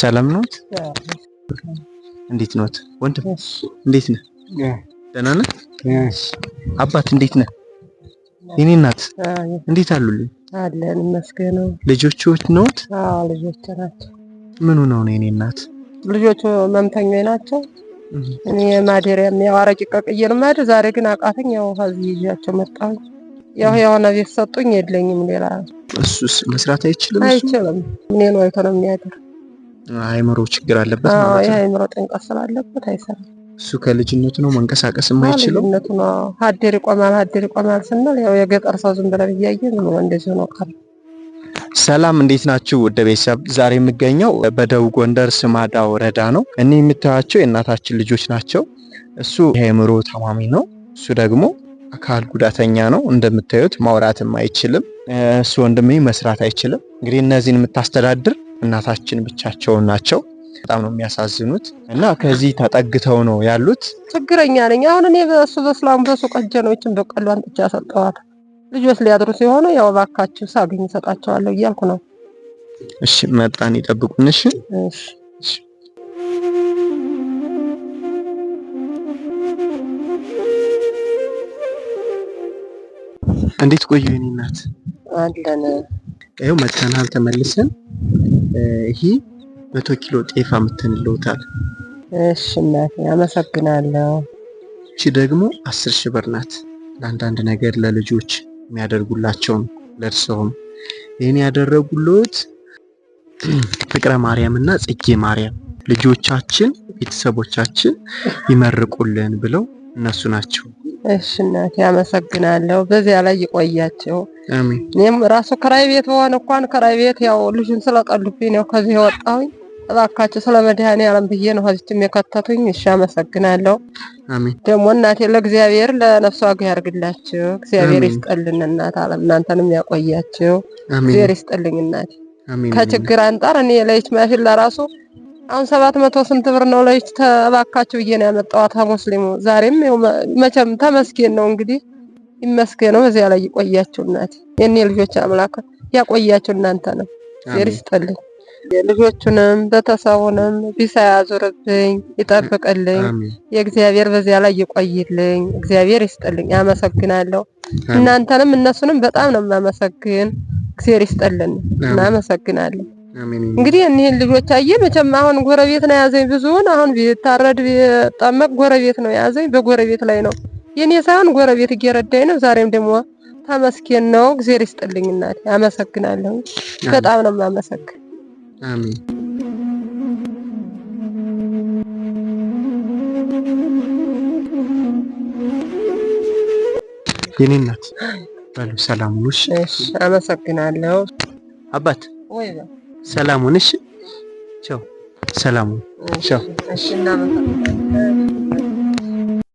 ሰላም ነው። እንዴት ነዎት ወንድም? እንዴት ነህ? ደህና ነህ? አባት እንዴት ነህ? የኔ እናት እንዴት አሉልኝ? አለን ልጆቹ ነዎት? ልጆች ናቸው። ምኑ ነው የኔ እናት? ልጆቹ መምተኞች ናቸው። እኔ ማደሪያም ያው አረቄ ቀቅዬ ዛሬ ግን አቃተኝ። ያው እዚህ ይዣቸው ያው የሆነ ቤት ሰጡኝ የለኝም ሌላ። እሱስ መስራት አይችልም አይችልም። ነው አይቶ ነው የሚያደር አእምሮ ችግር አለበት ማለት ነው። አእምሮ ጭንቀት ስላለበት አይሰራም። እሱ ከልጅነቱ ነው መንቀሳቀስ የማይችለው። ልጅነቱ ነው ሀደር ይቆማል ሀደር ይቆማል ስንል ያው የገጠር ሰው ዝም ብለን እያየ ነው እንደዚህ ነው ቃል ሰላም እንዴት ናችሁ? ወደ ቤተሰብ ዛሬ የምገኘው በደቡብ ጎንደር ስማዳ ወረዳ ነው። እኔ የምታያቸው የእናታችን ልጆች ናቸው። እሱ የአእምሮ ታማሚ ነው። እሱ ደግሞ አካል ጉዳተኛ ነው። እንደምታዩት ማውራትም አይችልም። እሱ ወንድሜ መስራት አይችልም። እንግዲህ እነዚህን የምታስተዳድር እናታችን ብቻቸውን ናቸው። በጣም ነው የሚያሳዝኑት እና ከዚህ ተጠግተው ነው ያሉት። ችግረኛ ነኝ አሁን እኔ በሱ በስላም በሱ ቀጀኖችን በቀሉ አንጥቻ ሰጠዋል። ልጆች ሊያድሩ ሲሆኑ ያው እባካችሁ ሳገኝ እሰጣቸዋለሁ እያልኩ ነው። እሺ መጣን ይጠብቁንሽ። እንዴት ቆዩ የኔ እናት? አለን ይኸው መተናል ተመልሰን። ይሄ መቶ ኪሎ ጤፋ አምጥተንልዎታል። እሺ እናቴ አመሰግናለሁ። እቺ ደግሞ አስር ሺህ ብር ናት። ለአንዳንድ ነገር ለልጆች የሚያደርጉላቸውን ለእርስዎም ይህን ያደረጉልዎት ፍቅረ ማርያም እና ጽጌ ማርያም ልጆቻችን ቤተሰቦቻችን ይመርቁልን ብለው እነሱ ናቸው። እሺ እናቴ አመሰግናለሁ። በዚያ ላይ ይቆያቸው። አሜን። እኔም ራሱ ከራይ ቤት ሆነ እንኳን ከራይ ቤት ያው ልጅን ስለጠሉብኝ ነው ከዚህ የወጣሁኝ። እባካቸው ስለ መድኃኔዓለም ብዬ ነው ከዚችም የከተቱኝ። እሺ አመሰግናለሁ። አሜን። ደግሞ እናቴ ለእግዚአብሔር ለነፍሷ ጋር ያርግላችሁ። እግዚአብሔር ይስጠልን እናት አለም እናንተንም ያቆያችሁ። እግዚአብሔር ይስጠልኝ እናቴ ከችግር አንጻር እኔ ለይች ማሽን ለራሱ አሁን ሰባት መቶ ስንት ብር ነው ለይች ተባካቸው ብዬ ነው ያመጣዋት ሙስሊሙ። ዛሬም መቼም ተመስገን ነው እንግዲህ ነው በዚያ ላይ ይቆያችሁ እናት የኔ ልጆች አምላክ ያቆያችሁ እናንተ ነው ይስጥልኝ። የልጆቹንም ቤተሰቡንም ቢሳ ያዙርብኝ፣ ይጠብቅልኝ የእግዚአብሔር በዚያ ላይ ይቆይልኝ። እግዚአብሔር ይስጥልኝ። አመሰግናለሁ። እናንተንም እነሱንም በጣም ነው የማመሰግን። እግዚአብሔር ይስጥልን። እናመሰግናለን። እንግዲህ እኒህን ልጆች አየ መቼም አሁን ጎረቤት ነው የያዘኝ። ብዙውን አሁን ቢታረድ ቢጠመቅ ጎረቤት ነው የያዘኝ። በጎረቤት ላይ ነው የኔ ሳይሆን ጎረቤት እየረዳኝ ነው። ዛሬም ደግሞ ተመስገን ነው። እግዜር ይስጥልኝ እናቴ፣ አመሰግናለሁ። በጣም ነው የማመሰግን። አሜን። የኔ እናት በሉ ሰላም ነሽ? አመሰግናለሁ አባት ወይ ሰላም ሁን። እሺ ቻው። ሰላም ቻው።